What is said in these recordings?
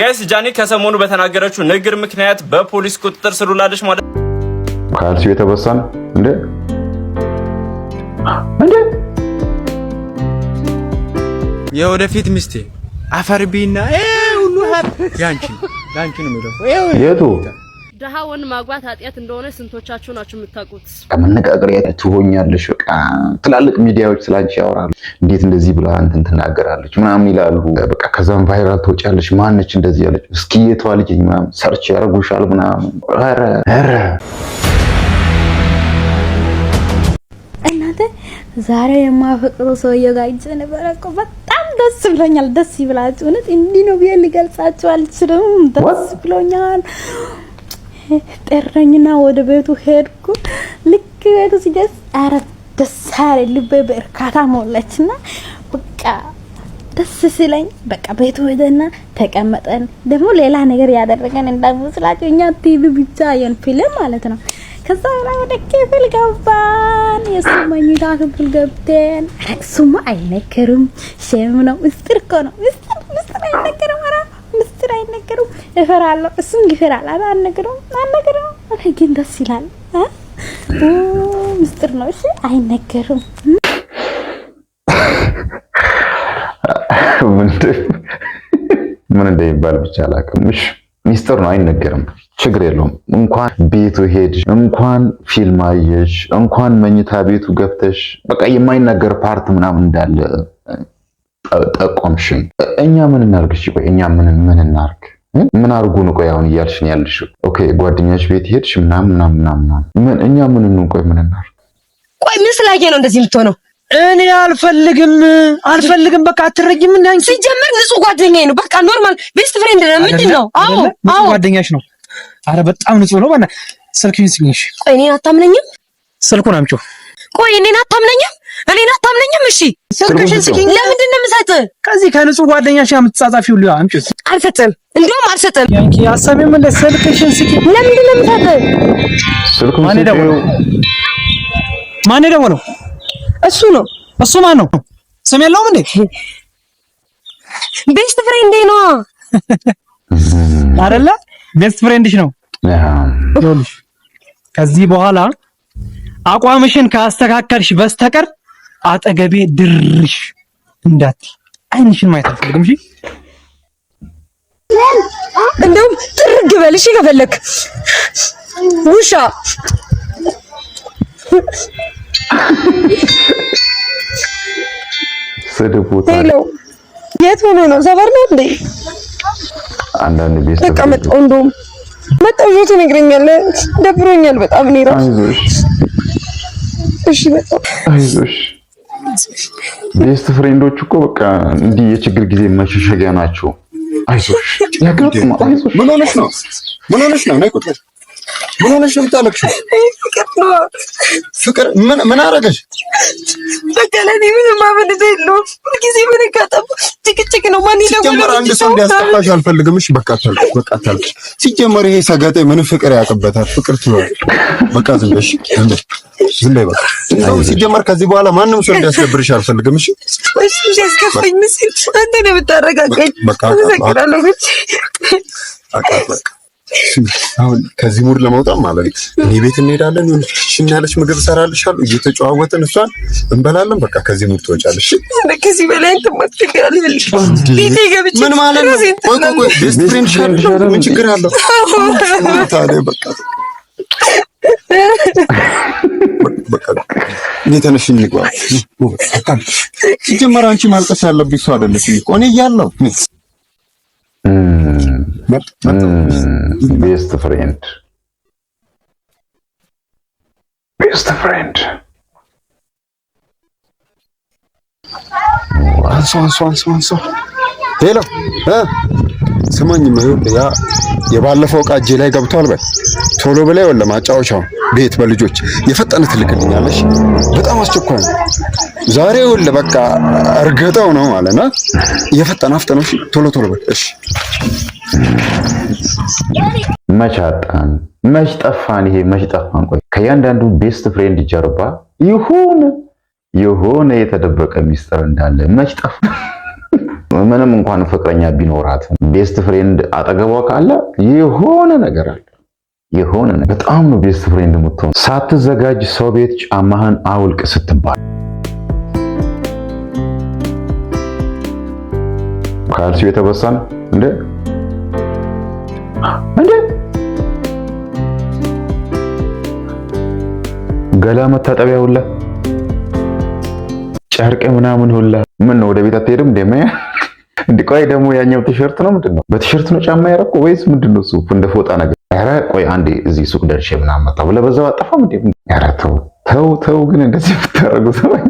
ጋይስ ጃኒ ከሰሞኑ በተናገረችው ንግግር ምክንያት በፖሊስ ቁጥጥር ስር ውላለች ማለት ካልሲ የተበሳን እንዴ እንዴ የወደፊት ሚስቴ አፈርቢና ሁሉ ሀብ ያንቺ ያንቺ ነው የሚለው ይሄ የቱ ድሃ ድሃውን ማግባት ኃጢአት እንደሆነ ስንቶቻችሁ ናችሁ የምታውቁት? መነቃቀሪያ ትሆኛለሽ። በቃ ትላልቅ ሚዲያዎች ስላንቺ ያወራሉ። እንዴት እንደዚህ ብላ እንትን ትናገራለች ምናምን ይላሉ። በቃ ከዛም ቫይራል ትወጫለሽ። ማነች እንደዚህ ያለች? እስኪ የተዋ ልጅ ምናምን ሰርች ያደርጉሻል ምናምን። ኧረ ኧረ እናንተ ዛሬ የማፈቅሮ ሰውዬ ጋር ሂጅ ነበረ እኮ በጣም ደስ ብሎኛል። ደስ ይብላችሁ። እውነት እንዲህ ነው ብዬ ልገልጻችሁ አልችልም። ደስ ብሎኛል። ጠራኝና ወደ ቤቱ ሄድኩ። ልክ ቤቱ ሲደስ አረ ደስ አለኝ፣ ልቤ በእርካታ ሞላችና በቃ ደስ ሲለኝ በቃ ቤቱ ሄደና ተቀመጠን። ደግሞ ሌላ ነገር ያደረገን እንዳይመስላችሁ እኛ ቲቪ ብቻ የን ፊልም ማለት ነው። ከዛ በኋላ ወደ ክፍል ገባን። የሱ መኝታ ክፍል ገብተን ሱማ አይነገርም፣ ሸም ነው፣ ምስጢር እኮ ነው። ምስጢር ምስጢር አይነገርም። ነገር አይነገሩም። እፈራለሁ፣ እሱም ይፈራል። አረ አልነገረውም፣ አልነገረውም። ግን ደስ ይላል። ምስጢር ነው። እሺ፣ አይነገርም። ምን እንደሚባል ብቻ አላውቅም። እሺ፣ ሚስጥር ነው፣ አይነገርም። ችግር የለውም። እንኳን ቤቱ ሄድሽ፣ እንኳን ፊልም አየሽ፣ እንኳን መኝታ ቤቱ ገብተሽ በቃ የማይነገር ፓርት ምናምን እንዳለ ጠቆምሽን። እኛ ምን እናርግ? እሺ ቆይ እኛ ምን ምን እናርግ? ምን አርጉ ነው? ቆይ አሁን እያልሽን ያልሽ ኦኬ፣ ጓደኛሽ ቤት ሄድሽ ምናምን ምናምን ምናምን ምን እኛ ምን እንሆን? ቆይ ምን እናርግ? ቆይ ምን ስላየ ነው እንደዚህ የምትሆነው? እኔ አልፈልግም አልፈልግም፣ በቃ አትረጅም። እና ሲጀምር ንጹህ ጓደኛዬ ነው። በቃ ኖርማል ቤስት ፍሬንድ ነው። ምንድን ነው? አዎ አዎ፣ ጓደኛሽ ነው። አረ በጣም ንጹህ ነው። ባና ስልኩን ስሚሽ። ቆይ እኔን አታምነኝም? ስልኩን አምጪው። ቆይ እኔን አታምነኝም እኔን አታምነኝም? እሺ ስልክሽን ስጪኝ። ለምንድን ነው የምሰጥህ? ከዚህ ከንጹህ ጓደኛሽ የምትጻጻፊው ሁሉ አምጪው። አልሰጥም፣ እንደውም አልሰጥም። ያንቺ አሰሚም ለስልክሽን ስጪኝ። ለምንድን ነው የምሰጥህ? ስልኩን ማን ደወለው? ማን ደወለው? እሱ ነው። እሱ ማን ነው? ስም የለውም እንዴ? ቤስት ፍሬንዴ ነው አይደለ? ቤስት ፍሬንድሽ ነው። ከዚህ በኋላ አቋምሽን ካስተካከልሽ በስተቀር አጠገቤ ድርሽ እንዳት አይንሽን ማየት አልፈልግም። እሺ እንደውም ጥርግ በል እሺ። ከፈለክ ውሻ ሄሎ፣ የት ሆኖ ነው? ሰፈር ነው እንዴ? አንዳንድ ቤት ተቀመጠው። እንደውም መጣሁ ብሎ ትነግረኛለህ። ደብሮኛል በጣም እኔ እራሱ። እሺ በጣም አይዞሽ ቤስት ፍሬንዶች እኮ በቃ እንዲህ የችግር ጊዜ መሸሸጊያ ናቸው። አይዞሽ፣ ያጋጥማል። አይዞሽ። ምን ሆነሽ ነው? ምን ሆነሽ ነው? ምን ሆነሽ ነው የምታለቅሽው? ፍቅር ፍቅር ምን ምን አደረገሽ? በቃ ለእኔ ምንም አመንታ የለውም። ሁልጊዜ ምን ካጠፋ ጭቅጭቅ ነው። ማን ይደውላል? አንድ ሰው እንዲያስጠላሽ አልፈልግም። እሺ በቃ አታልቅሽ፣ በቃ አታልቅሽ። ሲጀመር ይሄ ሰገጤ ምን ፍቅር ያውቅበታል? ፍቅር ትኖር በቃ ዝም ብለሽ ዝም በይ በቃ። ሲጀመር ከዚህ በኋላ ማንም ሰው እንዲያስደብርሽ አልፈልግም። እሺ እሺ፣ እንዲያስከፋኝ ምስል አንተ ነው የምታረጋጋኝ። በቃ በቃ አሁን ከዚህ ሙድ ለመውጣት ማለት እኔ ቤት እንሄዳለን፣ ሆን ሽን ያለች ምግብ እሰራልሻለሁ፣ እየተጨዋወጥን እሷን እንበላለን። በቃ ከዚህ ሙድ ትወጫለሽ። ከዚህ በላይ ምን ማለት ነው? ቤስት ፍሬንድ ምን ችግር አለው? ታዲያ በቃ እየተነሽ እንግባ። ሲጀመር አንቺ ማልቀስ ያለብሽ ሰው አይደለሽ እኮ እኔ እያለሁ ቤስት ፍሬንድ ቤስት ፍሬንድ አንሶ አንሶ አንሶ አንሶ ሄሎ ስማኝ ይኸውልህ ያ የባለፈው ዕቃ እጄ ላይ ገብቷል። በል ቶሎ ብላ ይኸውልህ ማጫወቻውን ቤት በልጆች የፈጠነ ትልክልኛለሽ። በጣም አስቸኳይ ነው ዛሬ ይኸውልህ በቃ እርግጠው ነው ማለት ነው። የፈጠነ አፍጠነሽ ቶሎ ቶሎ በል እሺ። መች አጣን መች ጠፋን፣ ይሄ መች ጠፋን። ቆይ ከእያንዳንዱ ቤስት ፍሬንድ ጀርባ ይሁን የሆነ የተደበቀ ሚስጥር እንዳለ መች ጠፋን። ምንም እንኳን ፍቅረኛ ቢኖራት ቤስት ፍሬንድ አጠገቧ ካለ የሆነ ነገር አለ። የሆነ ነገር በጣም ነው ቤስት ፍሬንድ የምትሆን። ሳትዘጋጅ ሰው ቤት ጫማህን አውልቅ ስትባል ካልሲ የተበሳን እንደ እንደ ገላ መታጠቢያ ሁላ ጨርቅ ምናምን ሁላ ምን ወደ ቤት አትሄድም ደሜ እንዲ ቆይ ደግሞ ያኛው ቲሸርት ነው ምንድን ነው? በቲሸርት ነው ጫማ ያረኩ ወይስ ምንድን ነው? እሱ እንደ ፎጣ ነገር። ኧረ ቆይ አንዴ እዚህ ሱቅ ደርሼ ምናምን መጣሁ ብለህ በዛው አጠፋም እንዴ? ኧረ ተው ተው ተው፣ ግን እንደዚህ ብታረጉ ሰማኝ።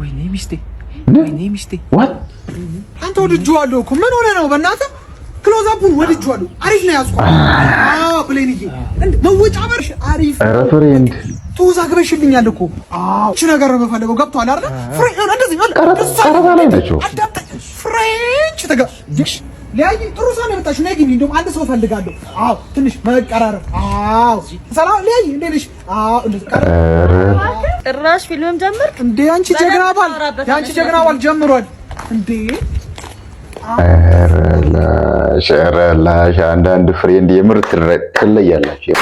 ወይኔ ሚስቴ፣ ወይኔ ሚስቴ፣ ዋት አንተ ወድጄዋለሁ እኮ ምን ሆነ ነው በእናትህ ክሎዝ አፑን ወድጄዋለሁ። አሪፍ ነው ያዝኩት። አዎ ብሌንዬ፣ መውጫ በር አሪፍ ፍሬንድ ተወዛግበሽልኛል እኮ አዎ። ነገር በፈለገው ገብቶሃል አይደል? ፍሬንድ እንደዚህ ቀረባ ላይ ናቸው። ፍሬንች ተጋ ዲሽ ለያይን ጥሩ ሰው ነው የመጣሽው። ነይ ግን እንደውም አንድ ሰው ፈልጋለሁ። አዎ ትንሽ መቀራረብ። አዎ ሰላም ለያይ እንዴት ነሽ? አዎ ጭራሽ ፊልምም ጀመርክ እንዴ? አንቺ ጀግና ባል፣ ያንቺ ጀግና ባል ጀምሯል እንዴ? ረላሽ አንዳንድ ፍሬንድ የምር ትለያላችሁ።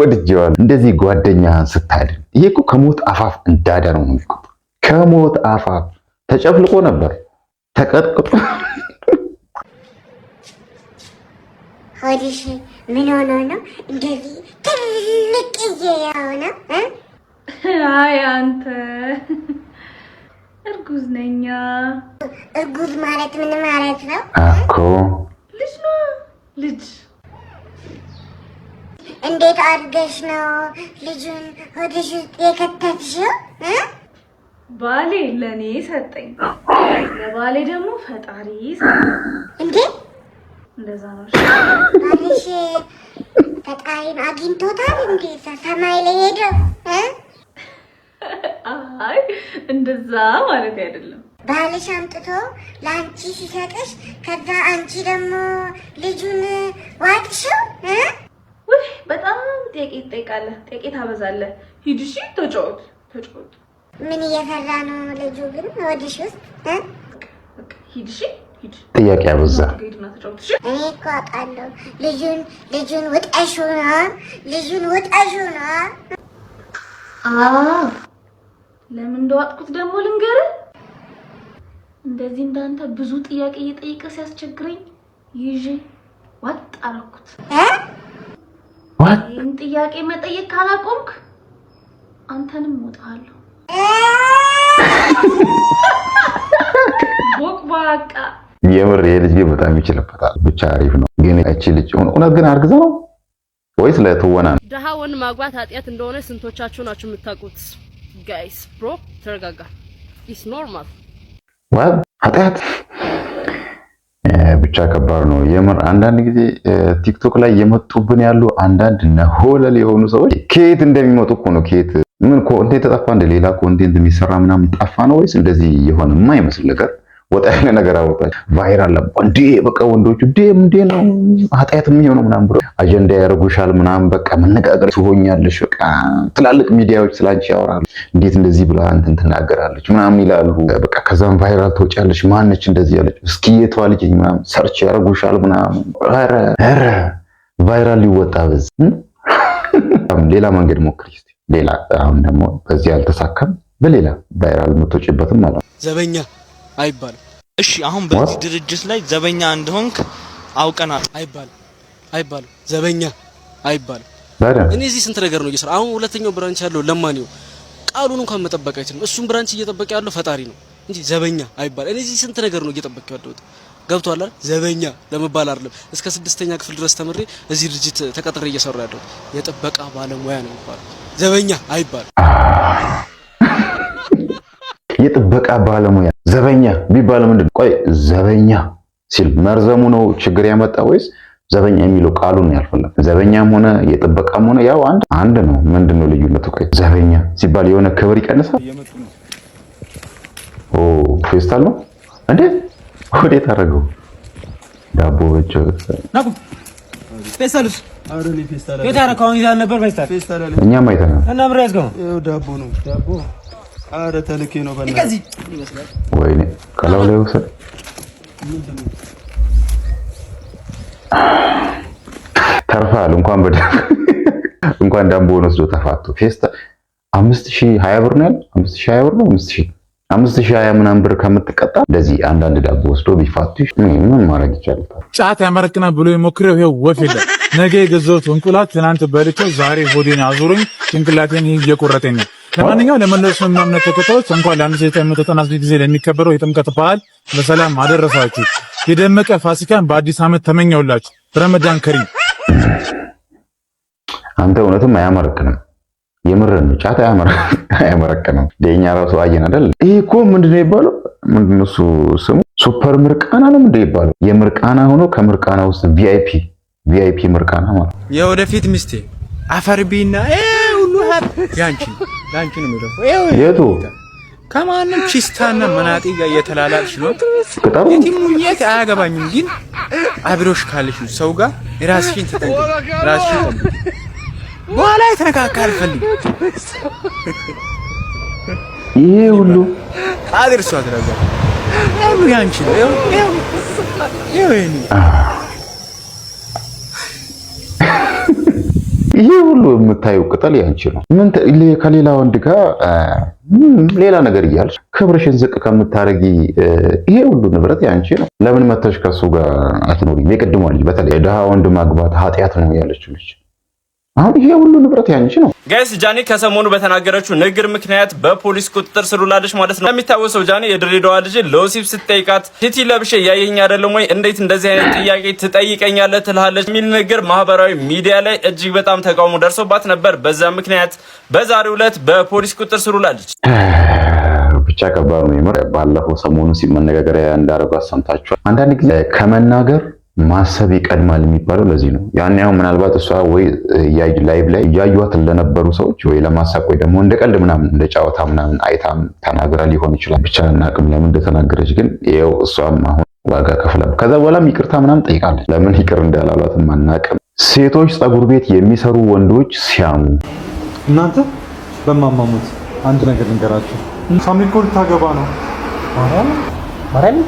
ወድጀዋል። እንደዚህ ጓደኛህን ስታድን፣ ይሄ እኮ ከሞት አፋፍ እንዳዳ ነው ከሞት አፋፍ ተጨፍልቆ ነበር ተቀጥቅጦ ሆዲሽ ምን ሆኖ ነው እንደዚህ የሆነ? አይ አንተ እርጉዝ ነኝ። እርጉዝ ማለት ምን ማለት ነው እኮ? ልጅ ነው ልጅ። እንዴት አድርገሽ ነው ልጁን ሆድሽ ውስጥ የከተትሽው? ባሌ ለእኔ ሰጠኝ፣ ለባሌ ደግሞ ፈጣሪ ሰጠኝ። እንዴ እንደዛ ነው ባልሽ ፈጣሪን አግኝቶታል? እንዴ ሰማይ ላይ ሄደው አይ እንደዛ ማለት አይደለም። ባልሽ አምጥቶ ለአንቺ ሲሰጥሽ ከዛ አንቺ ደግሞ ልጁን ዋጥሽው ውይ፣ በጣም ጥያቄ ትጠይቃለህ፣ ጥያቄ ታበዛለህ። ሂድ እሺ፣ ተጫወት ተጫወት። ምን እየሰራ ነው ልጁ ግን ወዲሽ ውስጥ? ሂድ እሺ ጥያቄ አበዛ። እኔ እኮ አውቃለሁ። ልጁን ልጁን ውጠሹ ነው ልጁን ውጠሹ ነው ለምን እንደዋጥኩት ደግሞ ልንገርህ። እንደዚህ እንዳንተ ብዙ ጥያቄ እየጠየቀ ሲያስቸግረኝ ይዤ ዋጥ አደረኩት። ይህን ጥያቄ መጠየቅ ካላቆምክ አንተንም እወጣሃለሁ። ቦቅ ባቃ የምር ይሄ ልጅ ግን በጣም ይችልበታል። ብቻ አሪፍ ነው። ግን እቺ ልጅ እውነት ግን አርግዛ ነው ወይስ ለትወና ነው? ድሃ ድሃውን ማግባት ኃጢአት እንደሆነ ስንቶቻችሁ ናችሁ የምታውቁት? ጋይስ ብሮ ተረጋጋ። ኢስ ኖርማል ኃጢአት ብቻ ከባድ ነው የምር። አንዳንድ ጊዜ ቲክቶክ ላይ የመጡብን ያሉ አንዳንድ ነሆለል የሆኑ ሰዎች ከየት እንደሚመጡ እኮ ነው። ከየት ምን ኮንቴንት ጠፋ? እንደሌላ ኮንቴንት የሚሰራ ምናምን ጠፋ ነው ወይስ እንደዚህ የሆነ የማይመስል ነገር ወጣ ያለ ነገር አወጣች። ቫይራል እንዴ በቃ ወንዶቹ ዴም ዴ ነው ኃጢአት የሚሆነው ምናምን ብሎ አጀንዳ ያደርጉሻል ምናምን በቃ መነጋገር ትሆኛለሽ። በቃ ትላልቅ ሚዲያዎች ስላንቺ ያወራሉ። እንዴት እንደዚህ ብላ እንትን ትናገራለች ምናምን ይላሉ። በቃ ከዛም ቫይራል ትወጫለሽ። ማነች እንደዚህ ያለች? እስኪ የቷ ልጅ ምናምን ሰርች ያደርጉሻል ምናምን። ኧረ ኧረ ቫይራል ሊወጣ በዚህ ሌላ መንገድ ሞክሪ ሌላ አሁን ደግሞ በዚህ አልተሳካም፣ በሌላ ቫይራል የምትወጪበትም ማለት ዘበኛ አይባልም። እሺ አሁን በዚህ ድርጅት ላይ ዘበኛ እንደሆንክ አውቀናል አይባልም። አይባልም ዘበኛ አይባልም። እኔ እዚህ ስንት ነገር ነው እየሰራ አሁን ሁለተኛው ብራንች ያለው ለማንየው ቃሉን እንኳን መጠበቅ አይችልም። እሱም ብራንች እየጠበቀ ያለው ፈጣሪ ነው እንጂ ዘበኛ አይባል። እኔ እዚህ ስንት ነገር ነው እየጠበቀ ያለው ገብቷል አይደል? ዘበኛ ለመባል አይደለም እስከ ስድስተኛ ክፍል ድረስ ተምሬ እዚህ ድርጅት ተቀጥሬ እየሰራ ያለው የጥበቃ ባለሙያ ነው የሚባለው። ዘበኛ አይባልም። የጥበቃ ባለሙያ ዘበኛ ቢባል ምንድን ቆይ ዘበኛ ሲል መርዘሙ ነው ችግር ያመጣ ወይስ ዘበኛ የሚለው ቃሉ ነው ያልፈለግ? ዘበኛም ሆነ የጥበቃም ሆነ ያው አንድ አንድ ነው። ምንድን ነው ልዩነቱ? ቆይ ዘበኛ ሲባል የሆነ ክብር ይቀንሳል? ኦ ፌስታል ነው እንዴ? ወዴት አደረገው? ዳቦ በጭ ፌስታልስ እኛም አይተናል። እና ምን ያዝገው ዳቦ ነው ዳቦ ተልኬ ነው በእናትህ። ወይኔ ከላው ላይ ተርፋል። እንኳን በደ እንኳን ዳምቦ ወስዶ ተፋቶ ፌስታ አምስት ሺህ ሀያ ብር ነው ያለው። አምስት ሺህ ሀያ ብር ነው አምስት ሺህ አምስት ሺህ ሀያ ምናምን ብር ከምትቀጣ እንደዚህ አንዳንድ ዳቦ ወስዶ ቢፋቱ ምን ማድረግ ይቻላል? ጫት ያመረቅና ብሎ የሞክረው ወፍ የለም። ነገ የገዛሁት እንቁላት ትናንት በልቼው ዛሬ ሆዴን አዙሮኝ ጭንቅላቴን እየቆረጠኝ ነው። ለማንኛው ለመለሱ የማምነት ተከታዮች እንኳን ለአንድ ለ1999 ጊዜ ለሚከበረው የጥምቀት በዓል በሰላም አደረሳችሁ። የደመቀ ፋሲካን በአዲስ ዓመት ተመኘውላችሁ። ረመዳን ከሪም። አንተ እውነትም አያመረቅንም። የምር ጫት አያመረክንም። የእኛ ራሱ አየን አይደል? ይህ እኮ ምንድነው ይባለው? ምንድነው እሱ ስሙ ሱፐር ምርቃና ነው እንደ ይባለው። የምርቃና ሆኖ ከምርቃና ውስጥ ቪአይፒ ቪአይፒ ምርቃና ማለት የወደፊት ሚስቴ አፈርቢና የቱ ከማንም ቺስታና መናጤ ጋር እየተላላች ነው። የቲም ሙኘት አያገባኝም፣ ግን አብሮሽ ካለሽ ሰው ጋር ራስሽን ተጠንቀቂ፣ ራስሽን ጠብቂ። በኋላ የተነካካ አልፈልግም። ይሄ ሁሉ አድርሷት ነገር ያንቺ ነው። ይሄ ሁሉ የምታየው ቅጠል ያንቺ ነው። ምን ከሌላ ወንድ ጋር ሌላ ነገር እያልሽ ክብርሽን ዝቅ ከምታደርጊ ይሄ ሁሉ ንብረት ያንቺ ነው። ለምን መተሽ ከሱ ጋር አትኖሪም? የቅድሟ ልጅ በተለይ ድሃ ወንድ ማግባት ኃጢአት ነው ያለችው ልጅ አሁን ይሄ ሁሉ ንብረት ያንቺ ነው ጋይስ። ጃኒ ከሰሞኑ በተናገረችው ንግር ምክንያት በፖሊስ ቁጥጥር ስር ውላለች ማለት ነው። የሚታወሰው ጃኒ የድሬዳዋ ልጅ ለወሲብ ስትጠይቃት ቲቲ ለብሼ እያየኝ አይደለም ወይ እንዴት እንደዚህ አይነት ጥያቄ ትጠይቀኛለህ ትልሃለች የሚል ንግር ማህበራዊ ሚዲያ ላይ እጅግ በጣም ተቃውሞ ደርሶባት ነበር። በዛ ምክንያት በዛሬው ዕለት በፖሊስ ቁጥጥር ስር ውላለች። ብቻ ከባድ ነው። ባለፈው ሰሞኑ ሲመነጋገሪያ እንዳደረጉ ሰምታችኋል። አንዳንድ ጊዜ ከመናገር ማሰብ ይቀድማል የሚባለው ለዚህ ነው። ያን ያው ምናልባት እሷ ወይ ላይቭ ላይ እያዩት ለነበሩ ሰዎች ወይ ለማሳቅ ወይ ደግሞ እንደ ቀልድ ምናምን እንደ ጨዋታ ምናምን አይታም ተናግራ ሊሆን ይችላል። ብቻ እናቅም ለምን እንደተናገረች ግን ይኸው እሷም አሁን ዋጋ ከፍላም ከዛ በኋላም ይቅርታ ምናምን ጠይቃለች። ለምን ይቅር እንዳላሏትም አናቅም። ሴቶች ፀጉር ቤት የሚሰሩ ወንዶች ሲያሙ እናንተ በማማሙት አንድ ነገር ልንገራችሁ ሳምሪኮ ልታገባ ነው ማርያም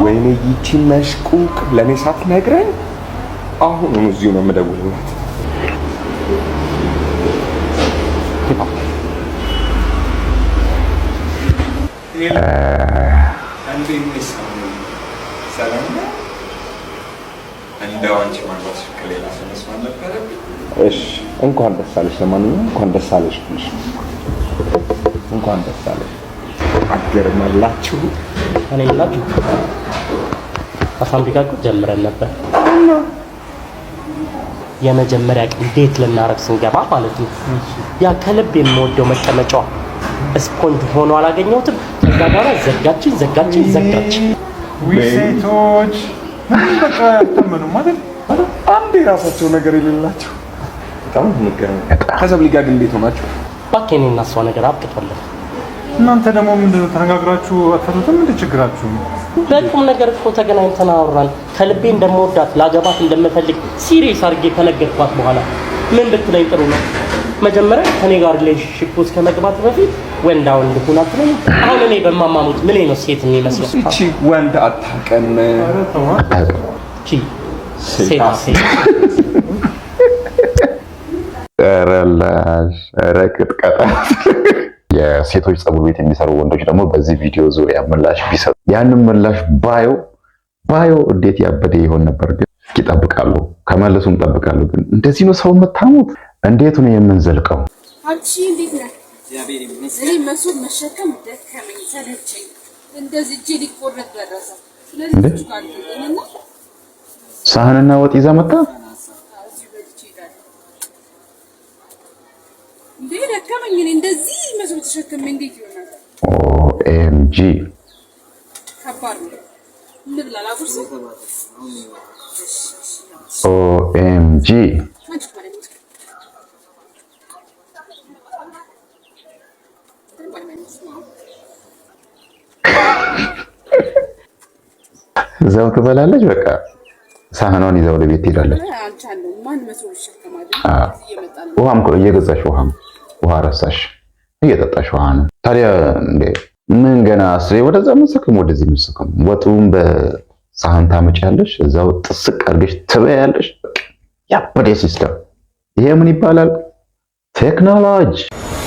ወይኔ ይቺ መሽቁቅ ለእኔ ሳትነግረኝ አሁን እዚሁ ነው የምደውልላት። እንኳን ደስ አለሽ። ለማንኛውም እንኳን ደስ አለሽ። እንኳን ደስ አለሽ። አትገርማላችሁ? እኔ የምላችሁ አሳምቢካ እኮ ጀምረን ነበር የመጀመሪያ ቀን ዴት ልናረግ ስንገባ ማለት ነው። ያ ከልብ የምወደው መቀመጫዋ ስፖንጅ ሆኖ አላገኘሁትም። ከዛ በኋላ ዘጋችን ዘጋችን ዘጋችን። ሴቶች ምንም በቃ ያታመኑ ማለት አንድ የራሳቸው ነገር የሌላቸው በጣም ከሰብ ሊጋ ግን ቤት ሆናቸው ባኬኔ እና እሷ ነገር አብቅቷለን። እናንተ ደግሞ ምንድነው ተነጋግራችሁ አትፈቱትም? እንደ ችግራችሁ በቁም ነገር እኮ ተገናኝተን አወራን። ከልቤ እንደምወዳት ላገባት እንደምፈልግ ሲሪየስ አድርጌ ከነገርኳት በኋላ ምን ብትለኝ ጥሩ ነው? መጀመሪያ ከኔ ጋር ሪሌሽንሺፕ ውስጥ ከመግባት በፊት ወንድ ወንድ ሁን አትለኝ። አሁን እኔ በማማሙት ምን ነው ሴት የሚመስለው? እቺ ወንድ አታውቅም። እቺ ሴት ሴት የሴቶች ፀጉር ቤት የሚሰሩ ወንዶች ደግሞ በዚህ ቪዲዮ ዙሪያ ምላሽ ቢሰጡ ያንን ምላሽ ባዮ ባዮ እንዴት ያበደ ይሆን ነበር። ግን ይጠብቃሉ፣ ከመለሱ ይጠብቃሉ። ግን እንደዚህ ነው ሰው መታሙት። እንዴት ነው የምንዘልቀው? ሳህንና ወጥ ይዛ መጣ። ስትም እንዴት ይሆናል? ኦኤምጂ ከባድ ነው። ኦኤምጂ እዛው ትበላለች። በቃ ሳህኗን ይዛው ወደ ቤት ትሄዳለች። ውሃም እየገዛሽ ውሃም ውሃ ረሳሽ እየጠጣሽ ታዲያ እንዴ ምን ገና አስሬ ወደዛ ምንስክም ወደዚህ ምንስክም ወጡም በሳህን ታመጪያለሽ፣ እዛው ጥስቅ አድርገሽ ትበያለሽ። ያበደ ሲስተም ይሄ ምን ይባላል? ቴክኖሎጂ